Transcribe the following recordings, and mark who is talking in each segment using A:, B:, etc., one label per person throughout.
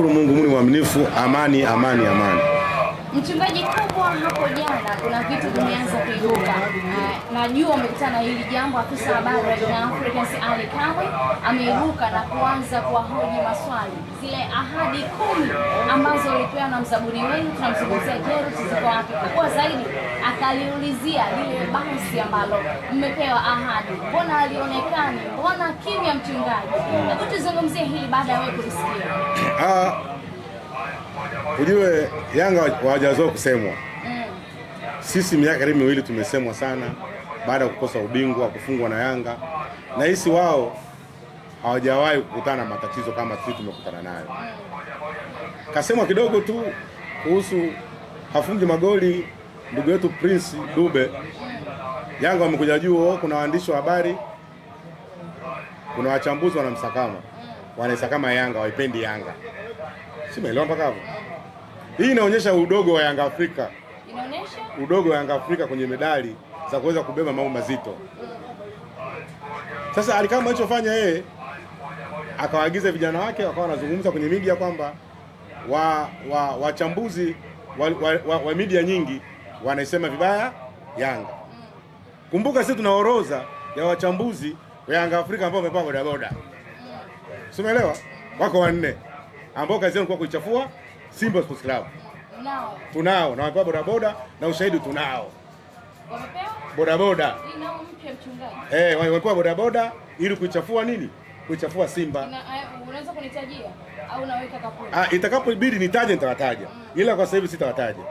A: Tunamshukuru Mungu, Mungu ni mwaminifu. Amani, amani, amani.
B: Mchungaji, kubwa hapo jana kuna vitu vimeanza kuibuka. Eh, najua umekutana na hili jambo, afisa habari wa Young Africans Ali Kamwe ameibuka na kuanza kuwahoji maswali, zile ahadi kumi ambazo ulipewa na mzabuni wenu, tunamzungumzia Jairus, ziko wapi? Kwa zaidi akaliulizia lile basi ambalo mmepewa ahadi, mbona alionekani, mbona kimya mchungaji? Mm. Hebu tuzungumzie hili baada ya wewe kulisikia.
A: Ah, ujue Yanga hawajazoea kusemwa mm. Sisi miaka karibu miwili tumesemwa sana baada ya kukosa ubingwa kufungwa na Yanga, na hisi wao hawajawahi kukutana na matatizo kama sisi tumekutana nayo. Mm. Kasemwa kidogo tu kuhusu hafungi magoli ndugu yetu Prince Dube, Yanga wamekuja juu, kuna waandishi wa habari, kuna wachambuzi wanamsakama, wanaisakama Yanga, waipendi Yanga, simaelewa mpaka hapo. Hii inaonyesha udogo wa Yanga Afrika, inaonyesha udogo wa Yanga Afrika kwenye medali za kuweza kubeba mambo mazito. Sasa alikama alichofanya yeye, akawaagiza vijana wake wakawa wanazungumza kwenye media kwamba wa wachambuzi wa, wa, wa, wa, wa media nyingi wanaisema vibaya Yanga. Kumbuka sisi tuna orodha ya wachambuzi wa Yanga Afrika ambao wamepaa bodaboda, simeelewa, wako wanne ambao kazi yao ni kuichafua Simba Sports Club. Tunao, tunao na wamepaa bodaboda na ushahidi tunao bodaboda eh, wamepewa bodaboda ili kuichafua nini, kuichafua Simba.
B: Eh, unaweza kunitajia? itakapo naweka kampuni.
A: Ah, itakapobidi nitaje nitawataja. Ila kwa sasa hivi sitawataja.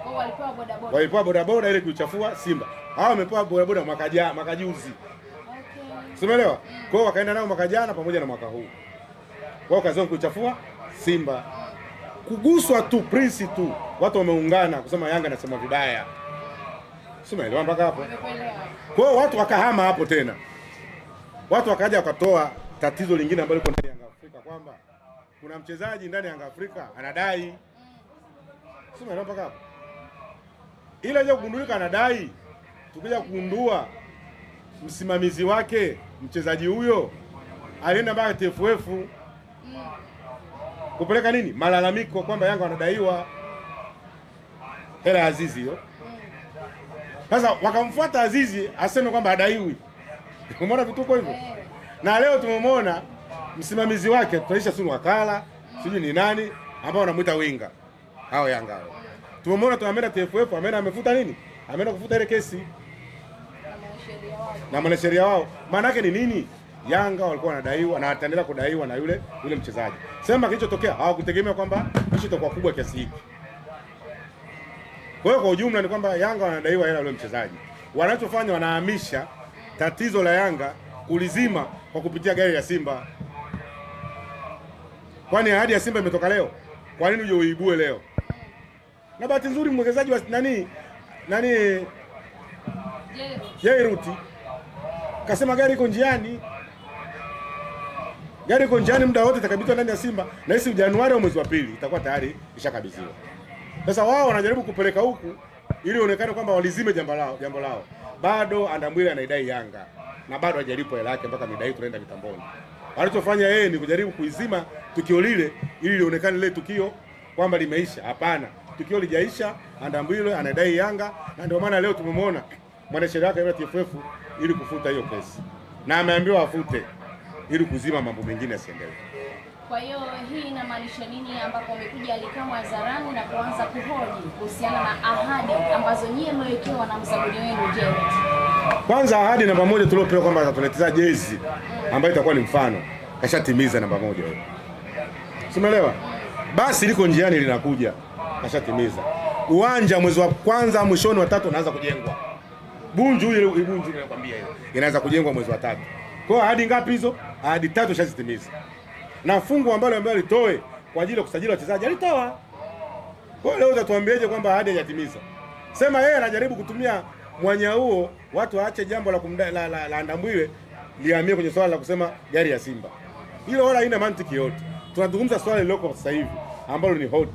A: walipewa bodaboda. ili kuchafua Simba. Hawa wamepewa bodaboda mwaka jana, mwaka juzi. Simeelewa? Mm. Kwa wakaenda nao mwaka jana pamoja na mwaka huu. Wao kazi kuchafua Simba. Kuguswa tu prinsi tu. Watu wameungana kusema Yanga anasema vibaya. Simeelewa mpaka hapo. Kwa watu wakahama hapo tena. Watu wakaja wakatoa tatizo lingine ambalo liko ndani ya Afrika kwamba kuna mchezaji ndani ya Afrika anadai sema mpaka hapo, ila je kugundulika anadai, tukija kugundua msimamizi wake mchezaji huyo alienda mpaka TFF kupeleka nini malalamiko kwamba Yanga wanadaiwa hela Azizi hiyo. Sasa wakamfuata Azizi aseme kwamba adaiwi. Umeona vituko hivyo, eh. na leo tumemwona msimamizi wake tunaisha Sulu wakala sijui ni nani ambao wanamuita winga hao Yanga hao. Tumemwona tunaenda TFF, ameenda amefuta nini? Ameenda kufuta ile kesi na mwanasheria wao. Maana yake ni nini? Yanga walikuwa wanadaiwa na wataendelea kudaiwa na yule yule mchezaji. Sema kilichotokea hawakutegemea kwamba hicho itakuwa kubwa kiasi hiki. Kwa hiyo kwa ujumla ni kwamba Yanga wanadaiwa hela yule mchezaji. Wanachofanya wanahamisha tatizo la Yanga kulizima kwa kupitia gari ya Simba. Kwani ahadi ya Simba imetoka leo? Kwa nini uje uibue leo? Na bahati nzuri mwekezaji wa nani nani Jairuti kasema gari iko njiani, gari iko njiani, muda wote itakabidhiwa ndani ya Simba na hisi Januari au mwezi wa pili itakuwa tayari ishakabidhiwa. Sasa wao wanajaribu kupeleka huku ili onekane kwamba walizime jambo lao, jambo lao. Bado Andambwile anaidai Yanga na bado hajalipo hela yake mpaka midai tunaenda mitamboni. Alichofanya yeye ni kujaribu kuizima tukio lile ili lionekane lile tukio kwamba limeisha. Hapana, tukio lijaisha. Andambwile anadai Yanga, na ndio maana leo tumemwona mwanasheria wake wa TFF ili kufuta hiyo kesi, na ameambiwa afute ili kuzima mambo mengine yasiendelee.
B: Kwa hiyo hii inamaanisha nini, ambapo amekuja alikamwa hadharani na kuanza kuhoji kuhusiana na ahadi ambazo nyie mmewekewa na mzabuni wenu Jerry?
A: Kwanza ahadi namba moja tuliopewa kwamba atatuletea jezi ambayo itakuwa ni mfano, kashatimiza namba moja. Simeelewa? Basi liko njiani linakuja. Kashatimiza. Uwanja mwezi wa kwanza mwishoni wa tatu unaanza kujengwa. Bunju ile Bunju ninakwambia hiyo. Inaanza kujengwa mwezi wa tatu. Kwa hiyo ahadi ngapi hizo? Ahadi tatu shazitimiza. Na fungu ambalo ambalo alitoe kwa ajili ya kusajili wachezaji alitoa. Kwa hiyo leo utatuambiaje kwamba ahadi hajatimiza? Sema yeye anajaribu kutumia mwanya huo watu waache jambo la kumda, la, la, la Andambwile liamie kwenye swala la kusema gari ya Simba. Hilo wala haina mantiki yote tunazungumza swala lililoko sasa hivi ambalo ni hot.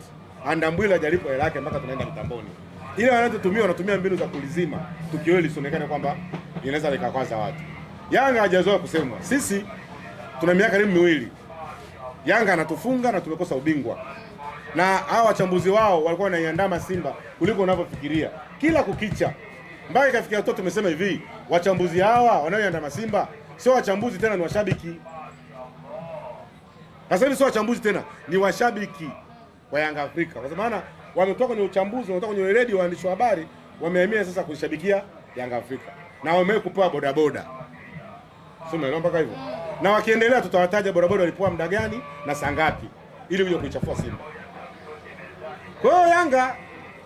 A: Andambwile hajalipo hela yake mpaka tunaenda mtamboni. ile wanachotumia wanatumia mbinu za kulizima tukio sionekane kwamba inaweza likakwaza watu. Yanga hajazoea kusemwa, sisi tuna miaka karibu miwili Yanga anatufunga na tumekosa ubingwa, na hawa wachambuzi wao walikuwa wanaiandama Simba kuliko unavyofikiria kila kukicha, mpaka ikafikia hatua tumesema hivi, wachambuzi hawa wanaoiandama Simba sio wachambuzi tena, ni washabiki. Sasa hivi sio wachambuzi tena, ni washabiki wa Yanga Afrika, kwa maana wametoka kwenye uchambuzi, wametoka kwenye redio, waandishi wa habari wamehamia sasa kushabikia Yanga Afrika na wamewahi kupewa bodaboda, sio maana mpaka hivyo. Na wakiendelea tutawataja bodaboda walipewa muda gani na saa ngapi, ili kuja kuichafua Simba. Kwa hiyo Yanga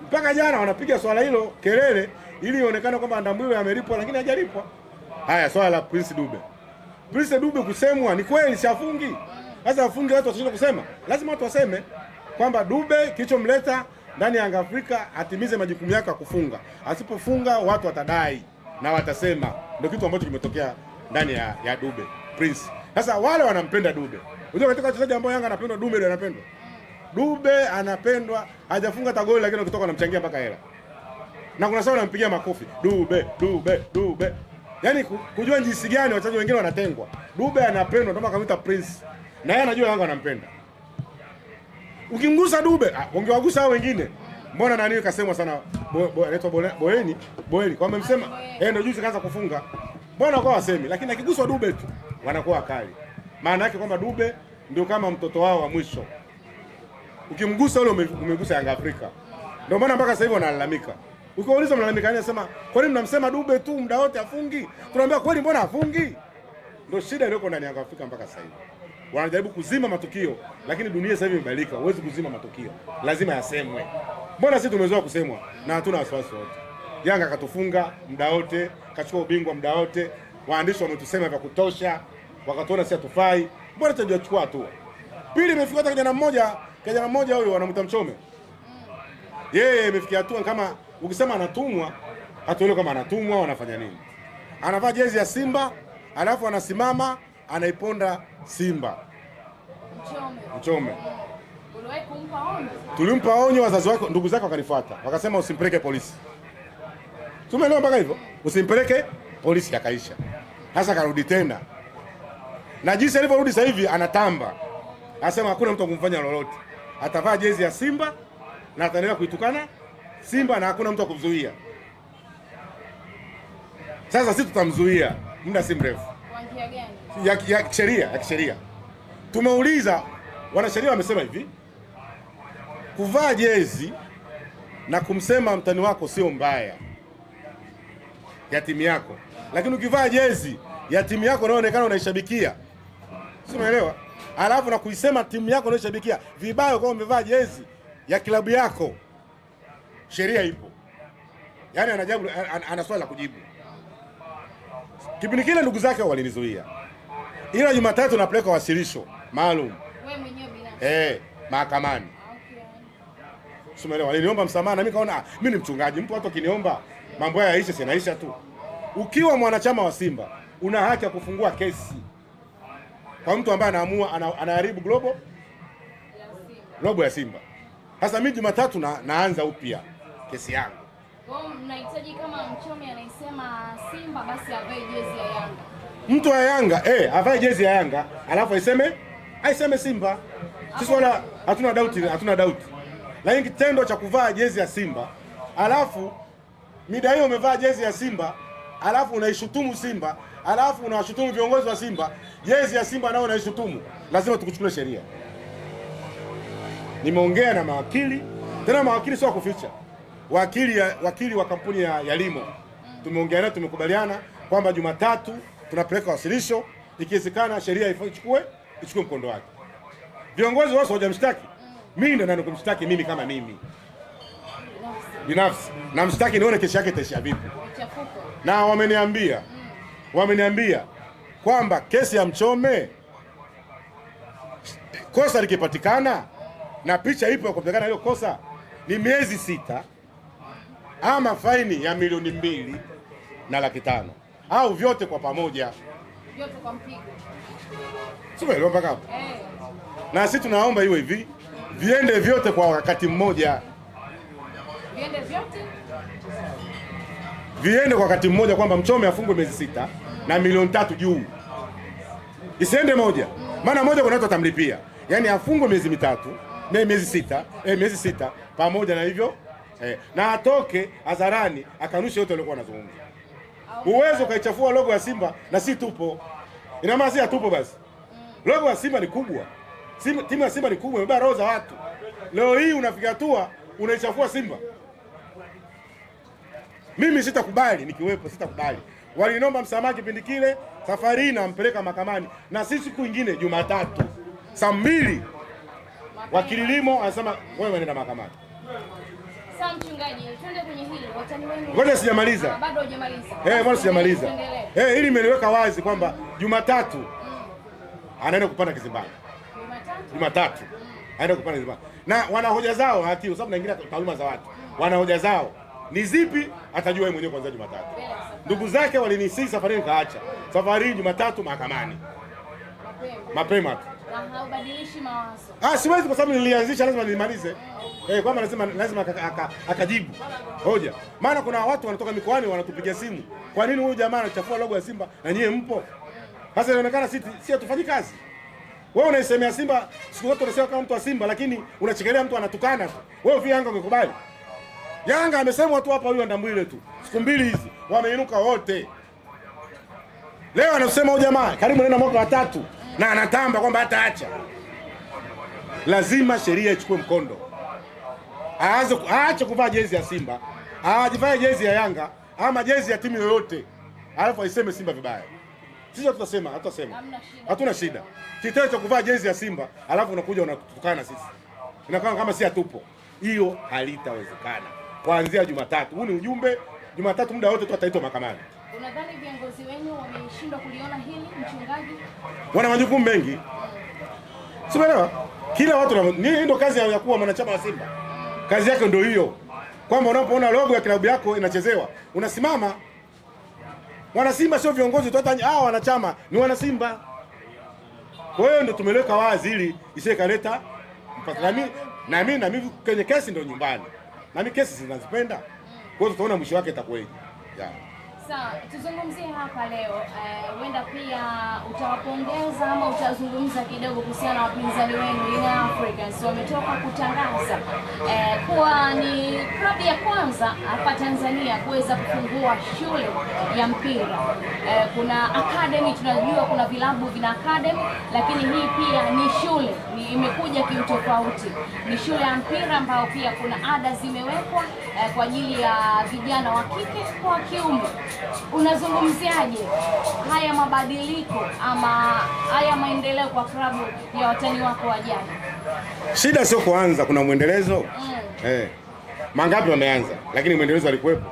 A: mpaka jana wanapiga swala hilo kelele, ili ionekane kwamba Ndambwile amelipwa, lakini hajalipwa. Haya, swala la Prince Dube, Prince Dube kusemwa ni kweli, shafungi sasa wafundi watu watashinda kusema, lazima watu waseme kwamba Dube kilichomleta ndani ya Yanga Afrika atimize majukumu yake ya kufunga. Asipofunga watu watadai na watasema, ndio kitu ambacho kimetokea ndani ya, ya Dube Prince. Sasa wale wanampenda Dube, unajua katika wachezaji ambao Yanga anapendwa, Dube ndiye anapendwa. Dube anapendwa, hajafunga hata goli, lakini ukitoka anamchangia mpaka hela na kuna sawa anampigia makofi Dube Dube Dube. Yaani kujua jinsi gani wachezaji wengine wanatengwa, Dube anapendwa ndio maana makamita Prince na yeye anajua Yanga anampenda. Ukimgusa Dube, ah, ungewagusa hao wengine. Mbona nani kasemwa sana anaitwa bo, bo, Boeni, Boeli. Kwa mmemsema yeye ndio juzi kaanza kufunga. Mbona kwa wasemi, lakini akiguswa Dube tu wanakuwa wakali. Maana yake kwamba Dube ndio kama mtoto wao wa mwisho. Ukimgusa yule umegusa Yanga Afrika. Ndio maana mpaka sasa hivi wanalalamika. Ukiwauliza mlalamika nani anasema, "Kwa nini mnamsema Dube tu muda wote afungi?" Tunamwambia kweli mbona afungi? Ndio shida iliyoko ndani ya Yanga Afrika mpaka sasa hivi wanajaribu kuzima matukio, lakini dunia sasa hivi imebadilika, huwezi kuzima matukio, lazima yasemwe. Mbona sisi tumezoea kusemwa na hatuna wasiwasi wote. Yanga katufunga muda wote, kachukua ubingwa muda wote, waandishi wametusema vya kutosha, wakatuona sisi hatufai. Mbona tunajachukua tu Pili, imefika hata kijana mmoja, kijana mmoja huyo wanamwita Mchome, yeye imefikia hatua kama ukisema anatumwa, hatuelewi kama anatumwa au anafanya nini. Anavaa jezi ya Simba alafu anasimama anaiponda Simba Mchome, Tulimpa onyo wazazi wako, ndugu zako wakanifuata wakasema, usimpeleke polisi. Tumeelewa mpaka hivyo, usimpeleke polisi. Yakaisha hasa, karudi tena na jinsi alivyorudi sasa hivi anatamba, anasema hakuna mtu akumfanya lolote, atavaa jezi ya Simba na ataendelea kuitukana Simba na hakuna mtu akumzuia. Sasa sisi tutamzuia muda si mrefu. Kwa njia gani? ya, ya kisheria ya kisheria. Tumeuliza wanasheria, wamesema hivi, kuvaa jezi na kumsema mtani wako sio mbaya ya timu yako, lakini ukivaa jezi ya timu yako unaonekana unaishabikia, si umeelewa? Alafu na kuisema timu yako unaishabikia vibaya kwa umevaa jezi ya klabu yako, sheria ipo. yani anajabu, ana swali la kujibu. Kipindi kile ndugu zake walinizuia ila Jumatatu napeleka wasilisho maalum eh, mahakamani. Sumeelewa, aliniomba msamaha na mimi kaona ah, mimi ni mchungaji, mtu hata kiniomba mambo haya yaishe, sinaisha tu. Ukiwa mwanachama wa Simba una haki ya kufungua kesi kwa mtu ambaye anaamua anaharibu globo globo ya Simba. Sasa mimi Jumatatu na, naanza upya kesi yangu.
B: Mnahitaji kama mchome anasema Simba basi avae jezi ya Yanga
A: mtu wa Yanga eh, avae jezi ya Yanga alafu aiseme aiseme Simba. Sisi wala hatuna doubt, hatuna doubt, lakini kitendo cha kuvaa jezi ya Simba alafu mida hiyo umevaa jezi ya Simba alafu unaishutumu Simba alafu unawashutumu viongozi wa Simba, jezi ya Simba nao unaishutumu, lazima tukuchukulie sheria. Nimeongea na mawakili tena, mawakili sio kuficha, wakili ya, wakili wa kampuni ya, ya Limo tumeongea naye, tumekubaliana kwamba Jumatatu tunapeleka wasilisho, ikiwezekana sheria ichukue ichukue mkondo wake. Viongozi wao hawajamshtaki mimi, ndo nani kumshtaki mimi? Kama mimi binafsi namshtaki, nione kesi yake itaisha vipi. Na wameniambia wameniambia kwamba kesi ya Mchome kosa likipatikana na picha ipo ya kupatikana hilo kosa ni miezi sita ama faini ya milioni mbili na laki tano au vyote kwa pamoja,
B: vyote kwa mpigo,
A: leo mpaka hapo eh. Na sisi tunaomba iwe hivi, viende vyote kwa wakati mmoja,
B: viende vyote,
A: viende kwa wakati mmoja, kwamba Mchome afungwe miezi sita na milioni tatu juu, isiende moja, maana moja kuna watu watamlipia. Yaani afungwe miezi mitatu na miezi sita eh, miezi sita pamoja na hivyo eh, na atoke hadharani akanushe yote aliokuwa anazungumza uwezo ukaichafua logo ya Simba na si tupo. Ina maana si hatupo basi. Logo ya Simba ni kubwa. Simba, timu ya Simba ni kubwa, imebeba roho za watu. Leo hii unafika hatua unaichafua Simba. Mimi sitakubali, nikiwepo sitakubali. Waliniomba msamaha kipindi kile, safari hii nampeleka mahakamani na si siku nyingine Jumatatu saa mbili wakili Limo anasema wewe nenda mahakamani.
B: Sasa
A: Ngoja sijamaliza. Ah, bado hujamaliza. Eh, bado sijamaliza. Eh, hili nimeliweka wazi kwamba Jumatatu mm. anaenda kupanda kizimbani.
B: Jumatatu. Jumatatu. Mm.
A: Anaenda kupanda kizimbani. Na wana hoja zao hati sababu naingia taaluma za watu. Mm. Wana hoja zao. Ni zipi atajua yeye mwenyewe kwanza Jumatatu. Ndugu zake walinisii safari nikaacha. Safari Jumatatu mahakamani. Mapema. Mapema Ah, siwezi kwa sababu nilianzisha, lazima nilimalize. Mm. Eh, kwamba lazima lazima akajibu hoja, maana kuna watu wanatoka mikoani wanatupigia simu, kwa nini huyu jamaa anachafua logo ya Simba na nyie mpo? Sasa inaonekana si si hatufanyi kazi. Wewe unaisemea Simba siku zote, unasema kama mtu wa Simba, lakini unachekelea mtu anatukana tu. Wewe vile Yanga ungekubali? Yanga amesemwa tu hapa, huyu Ndambwile tu, siku mbili hizi wameinuka wote. Leo anasema huyu jamaa karibu nenda mwaka wa tatu na anatamba kwamba hataacha, lazima sheria ichukue mkondo, aanze aache kuvaa jezi ya Simba, ajivae jezi ya Yanga ama jezi ya timu yoyote, alafu aiseme Simba vibaya. Sisi hatutasema, hatutasema, hatuna shida. Kitendo cha kuvaa jezi ya Simba alafu unakuja unatukana sisi, inakuwa kama si hatupo. Hiyo halitawezekana. Kuanzia Jumatatu, huu ni ujumbe. Jumatatu muda wote tu ataitwa mahakamani.
B: Unadhani viongozi wenu wameshindwa kuliona hili mchungaji?
A: Wana majukumu mengi. Sielewa. Kila watu na nini ndio kazi ya kuwa mwanachama wa Simba. Kazi yake ndio hiyo. Kwamba unapoona logo ya klabu yako inachezewa, unasimama. Wana Simba sio viongozi tu, hata hao wanachama ni wana Simba. Kwa hiyo ndio tumeliweka wazi ili isiwe kaleta mpaka nami na mimi na mimi kwenye kesi ndio nyumbani. Na mimi kesi zinazipenda. Kwa hiyo tutaona mwisho wake itakuwaje.
B: Yeah. Sasa tuzungumzie hapa leo, eh, huenda uh, pia utawapongeza ama utazungumza kidogo kuhusiana na wapinzani wenu Young Africans wametoka kutangaza uh, kuwa ni klabu ya kwanza hapa Tanzania kuweza kufungua shule ya mpira uh, kuna academy, tunajua kuna vilabu vina academy, lakini hii pia ni shule ni, imekuja kiutofauti, ni shule ya mpira ambayo pia kuna ada zimewekwa eh, kwa ajili ya vijana wa kike kwa wa kiume, unazungumziaje haya mabadiliko ama haya maendeleo kwa klabu ya watani wako wajana?
A: Shida sio kuanza, kuna mwendelezo mm. eh. Mangapi wameanza lakini mwendelezo alikuwepo.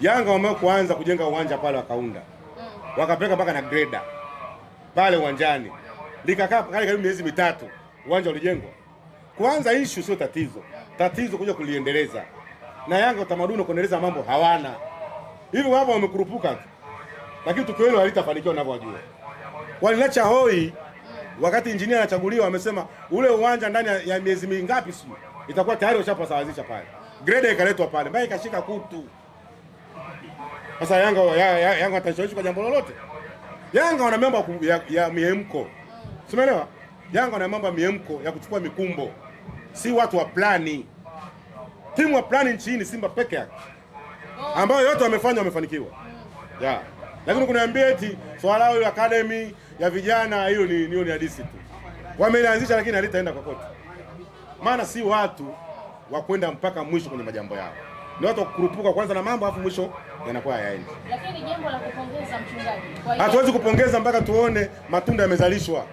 A: Yanga wameo kuanza kujenga uwanja pale wakaunda mm. wakapeka mpaka na greda pale uwanjani likakaa kale karibu miezi mitatu uwanja ulijengwa. Kuanza issue sio tatizo, tatizo kuja kuliendeleza na Yanga utamaduni kuendeleza mambo hawana. Hivi wapo wamekurupuka tu, lakini tukio hilo halitafanikiwa unavyojua. Walinacha hoi wakati injinia anachaguliwa, wamesema ule uwanja ndani ya miezi mingapi si itakuwa tayari ushapasawazisha pale, grade ikaletwa pale, mbaya ikashika kutu. Sasa Yanga ya, ya, Yanga atashawishi kwa jambo lolote. Yanga wana mambo ya, ya miemko, simeelewa. Yanga wana mambo ya miemko ya kuchukua mikumbo, si watu wa plani timu ya plani nchini Simba peke yake ambayo yote wamefanya wamefanikiwa, yeah. Lakini kuniambia eti swala hiyo academy ya vijana hiyo ni hiyo ni hadithi tu, Wameanzisha lakini halitaenda kwa kote, maana si watu wa kwenda mpaka mwisho kwenye majambo yao, ni watu kukurupuka kwanza na mambo afu mwisho yanakuwa hayaendi. Lakini jambo la kupongeza mchungaji, hatuwezi kupongeza mpaka tuone matunda yamezalishwa.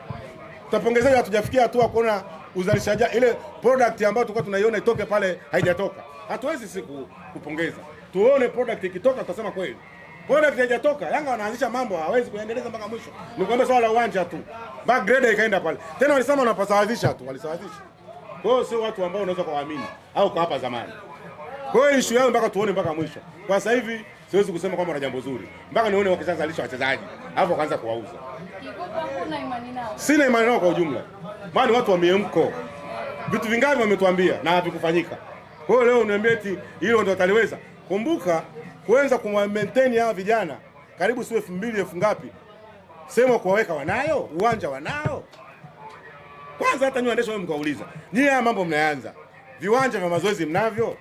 A: Tutapongezaje? Hatujafikia hatua kuona uzalishaji ile product ambayo tulikuwa tunaiona itoke pale haijatoka. Hatuwezi siku kupongeza, tuone product ikitoka tutasema kweli product haijatoka. Yanga wanaanzisha mambo hawezi kuendeleza mpaka mwisho. Ni kwamba swala la uwanja tu, back grade ikaenda pale tena, walisema wanapasawazisha tu, walisawazisha. Kwa hiyo sio watu ambao unaweza kuwaamini au kwa hapa zamani. Kwa hiyo issue yao mpaka tuone mpaka mwisho. Kwa sasa hivi siwezi kusema kwamba na jambo zuri mpaka nione wakishazalisha wachezaji alafu wakaanza kuwauza. Sina imani nao kwa ujumla, maana watu wameamko, vitu vingapi wametuambia na havikufanyika. Kwa hiyo leo unaniambia eti hilo ndio wataliweza? Kumbuka kuanza kuweza maintain hawa vijana karibu si elfu mbili elfu ngapi, sema kuwaweka, wanayo uwanja, wanao kwanza. Hata nyinyi waendesha mkauliza nyinyi, haya mambo mnaanza, viwanja vya mazoezi mnavyo?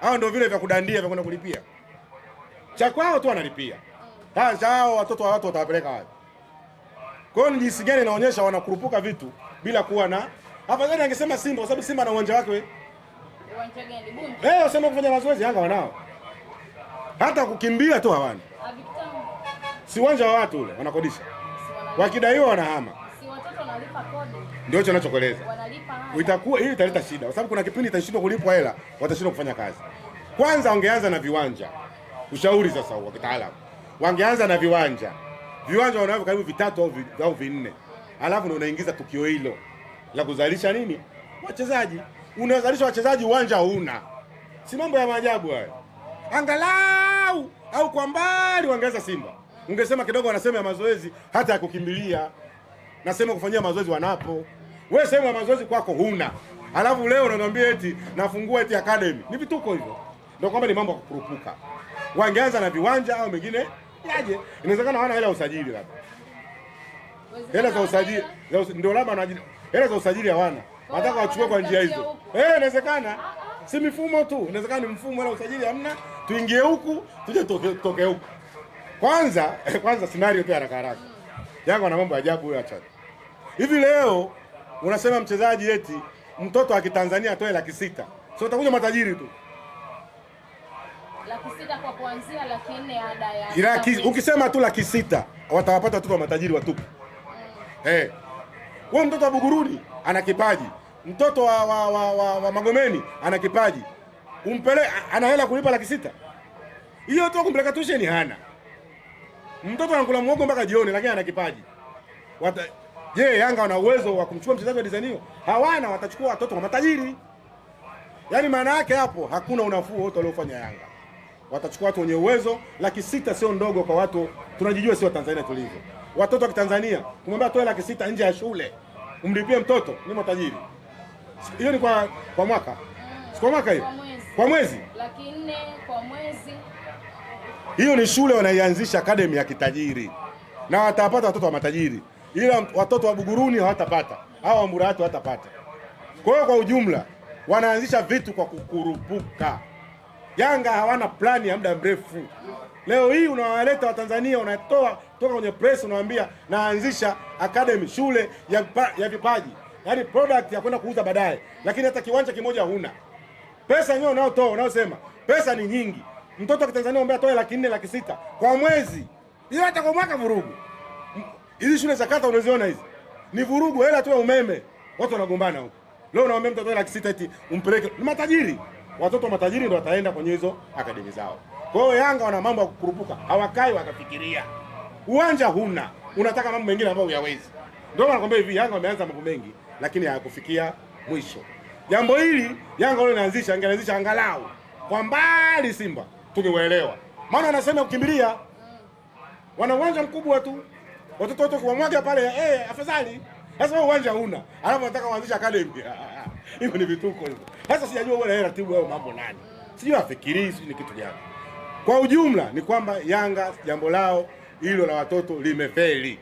A: Hao ndio vile vya kudandia vya kwenda kulipia, cha kwao tu wanalipia. Sasa hao watoto wa watu watawapeleka wapi? Kwa hiyo ni jinsi gani inaonyesha wanakurupuka vitu bila kuwa na afadhali angesema Simba kwa sababu Simba na uwanja wake. Uwanja
B: gani? Bunge.
A: Eh, useme kufanya mazoezi Yanga wanao. Hata kukimbia tu hawana. Si uwanja wa watu ule wanakodisha. Wakidaiwa wanahama.
B: Si watoto wanalipa kodi.
A: Ndio hicho ninachokueleza. Wanalipa. Itakuwa hii italeta shida kwa sababu kuna kipindi itashindwa kulipwa hela, watashindwa kufanya kazi. Kwanza wangeanza na viwanja. Ushauri sasa wa kitaalamu. Wangeanza na viwanja viwanja wanavyo karibu vitatu au, au vinne, alafu ndio unaingiza tukio hilo la kuzalisha nini wachezaji, unazalisha wachezaji, uwanja huna. Si mambo ya maajabu hayo. Angalau au kwa mbali wangeweza Simba, ungesema kidogo wanasema ya mazoezi, hata ya kukimbilia nasema kufanyia mazoezi wanapo. Wewe sehemu ya mazoezi kwako huna, alafu leo unaniambia eti nafungua eti academy. Ni vituko hivyo, ndio kwamba ni mambo ya kukurupuka. Wangeanza na viwanja au mengine Yaje? Inawezekana hawana hela usajili labda. Hela za usajili, ndio labda wanajili. Hela za usajili hawana. Nataka wachukue kwa njia hizo. Eh, inawezekana. Si mifumo tu, inawezekana ni mfumo hela usajili hamna. Tuingie huku, tuje toke toke huku. Kwanza, eh, kwanza scenario tu haraka haraka. Yanga ana mambo ajabu huyo acha. Hivi leo unasema mchezaji eti mtoto wa Kitanzania atoe laki sita. Sio utakuja matajiri tu laki ukisema tu laki sita watawapata watoto wa matajiri watupu. Mm. Eh, wewe mtoto wa Buguruni ana kipaji, mtoto wa, wa, wa, wa, wa Magomeni ana kipaji, umpele ana hela kulipa laki sita hiyo tu, kumpeleka tusheni hana. Mtoto anakula mwogo mpaka jioni, lakini ana kipaji. Je, Yanga wana uwezo wa kumchukua mchezaji wa design hiyo? Hawana, watachukua watoto wa matajiri. Yaani maana yake hapo hakuna unafuu wote waliofanya Yanga watachukua watu wenye uwezo. Laki sita sio ndogo kwa watu, tunajijua sio Tanzania tulivyo. Watoto wa Kitanzania kumwambia toe laki sita nje ya shule umlipie mtoto ni matajiri. Hiyo ni kwa kwa mwaka, kwa mwaka hiyo, kwa mwezi,
B: laki nne kwa mwezi.
A: Hiyo ni shule wanaianzisha academy ya kitajiri, na watapata watoto wa matajiri, ila watoto wa Buguruni hawatapata, hawa wa Mburahatu hawatapata. Kwa hiyo kwa ujumla wanaanzisha vitu kwa kukurupuka. Yanga hawana plani ya muda mrefu. Leo hii unawaleta Watanzania, unatoa toka kwenye press, unawaambia naanzisha academy, shule ya ya vipaji, yaani product ya kwenda kuuza baadaye, lakini hata kiwanja kimoja huna. Pesa yenyewe unayotoa unayosema pesa ni nyingi, mtoto wa Kitanzania ambaye atoe laki nne laki sita kwa mwezi, hiyo hata kwa mwaka vurugu. Hizi shule za kata unaziona hizi ni vurugu, hela tu ya umeme, watu wanagombana huko. Leo unaomba mtoto laki sita eti umpeleke, ni matajiri watoto matajiri ndio wataenda kwenye hizo akademi zao. Kwa hiyo Yanga wana mambo ya kukurupuka, hawakai wakafikiria. Uwanja huna, unataka mambo mengine ambayo huyawezi. Ndio maana nakwambia hivi, Yanga wameanza mambo mengi lakini hayakufikia mwisho. Jambo hili Yanga wao inaanzisha, angeanzisha angalau kwa mbali. Simba tungewaelewa, maana wanasema kukimbilia, wana uwanja mkubwa tu, watoto wote kuwamwaga pale, eh, afadhali. Sasa uwanja huna, alafu wanataka kuanzisha academy hivyo ni vituko hivyo. Sasa sijajua wewe yeye ratibu hayo mambo nani, sijui afikiri sijui ni kitu gani. Kwa ujumla ni kwamba Yanga jambo lao hilo la watoto limefeli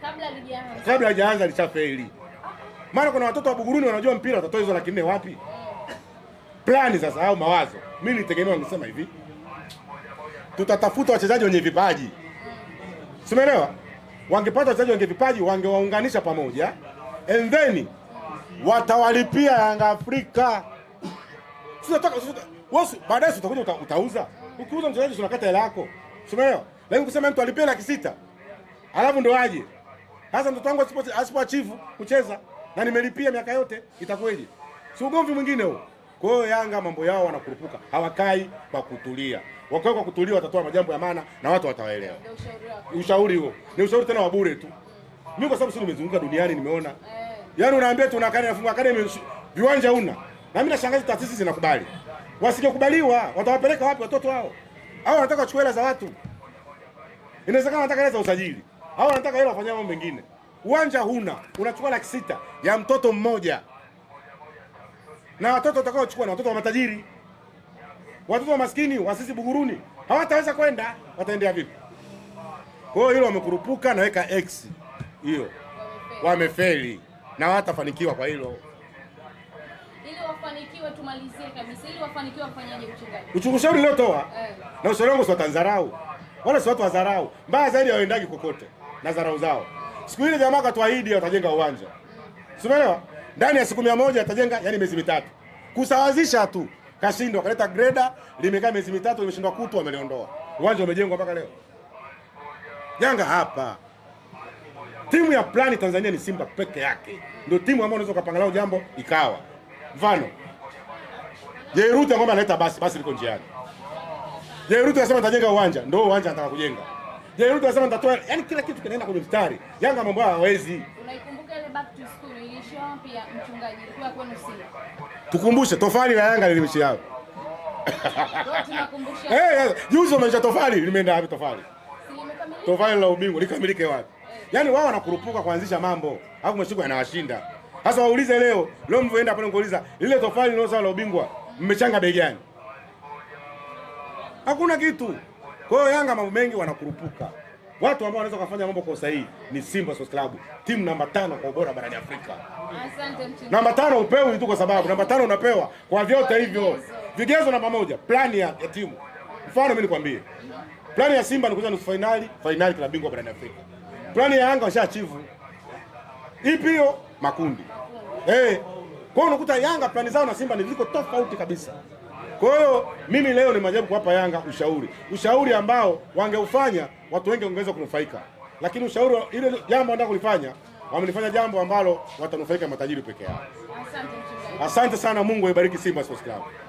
B: kabla lijaanza,
A: kabla hajaanza lishafeli. Maana kuna watoto wa Buguruni wanajua mpira, watatoa hizo laki nne wapi? Plani sasa au mawazo, mimi nitegemea nisema hivi, tutatafuta wachezaji wenye vipaji, simeelewa. Wangepata wachezaji wenye vipaji, wangewaunganisha pamoja and then watawalipia Yanga Afrika. wewe Baadaye utakuja utauza, ukiuza mchezaji tunakata hela yako, umeelewa? Lakini kusema mtu alipia laki sita alafu ndo aje sasa, mtoto wangu asipo asipo achivu kucheza na nimelipia miaka yote, itakuwaje? Si ugomvi mwingine huo. Kwa hiyo Yanga mambo yao wanakurupuka, hawakai kwa kutulia. Wakae kwa kutulia, watatoa majambo ya maana na watu watawaelewa. Ushauri huo ni ushauri tena wa bure tu. Mimi kwa sababu si nimezunguka duniani, nimeona eh. Yaani unaambia tuna academy academy viwanja una. Na mimi nashangaza taasisi zinakubali. Wasingekubaliwa watawapeleka wapi watoto wao? Hao wanataka kuchukua hela za watu. Inawezekana wanataka hela za usajili. Hao wanataka hela wafanyao mambo mengine. Uwanja huna, unachukua laki sita ya mtoto mmoja. Na watoto watakao chukua na watoto wa matajiri. Watoto wa maskini wa sisi Buguruni hawataweza kwenda, wataendea vipi? Kwa hiyo hilo wamekurupuka, naweka X hiyo, wamefeli na watafanikiwa kwa hilo.
B: Ili wafanikiwe, tumalizie kabisa, ili wafanikiwe wafanyaje
A: uchungaji? Ushauri uliotoa eh, na ushauri wangu sio tanzarau wala sio watu wadharau, mbaya zaidi hawaendagi kokote na zarau zao. Siku ile jamaa akatuahidi atajenga uwanja, umeelewa? Ndani ya siku mia moja atajenga, yani miezi mitatu kusawazisha tu, kashindwa, akaleta greda, limekaa miezi mitatu, limeshindwa kutu, wameliondoa uwanja, umejengwa mpaka leo. Yanga hapa. Timu ya plani Tanzania ni Simba peke yake, ndio timu ambayo unaweza kupanga nao jambo ikawa. Mfano Jeruti ngoma analeta basi basi liko njiani. Jeruti anasema atajenga uwanja, ndio uwanja anataka kujenga. Jeruti anasema atatoa, yani kila kitu kinaenda kwenye mstari. Yanga mambo haya hawezi.
B: Unaikumbuka ile back to school ilishia pia mchungaji ilikuwa kwenu Simba.
A: Tukumbushe tofali la Yanga lilimshia hapo. Ndio tunakumbusha. Eh, juzi umeisha tofali limeenda wapi tofali? Tofali la ubingwa likamilike wapi? Yaani wao wanakurupuka kuanzisha mambo. Hapo Mashiko yanawashinda. Sasa waulize leo, leo mvoenda pale kuuliza lile tofali linalosawa la ubingwa mmechanga bei gani? Hakuna kitu. Kwa hiyo Yanga mambo mengi wanakurupuka. Watu ambao wanaweza kufanya mambo kwa usahihi ni Simba Sports Club, timu namba tano kwa ubora barani Afrika. Asante mchungaji. Namba tano upewi tu kwa sababu namba tano unapewa kwa vyote hivyo. Vigezo namba moja, plani ya, ya timu. Mfano mimi nikwambie. Plani ya Simba ni kucheza nusu finali, finali klabu bingwa barani Afrika. Plani ya Yanga washachivu. Ipi hiyo? Makundi. Eh. Kwa hiyo unakuta Yanga plani zao na Simba ni ziko tofauti kabisa. Kwa hiyo mimi leo ni majabu kuwapa Yanga ushauri. Ushauri ambao wangeufanya watu wengi wangeweza kunufaika. Lakini ushauri ile jambo wanataka kulifanya, wamelifanya jambo ambalo watanufaika matajiri peke yao. Asante sana, Mungu aibariki Simba Sports Club.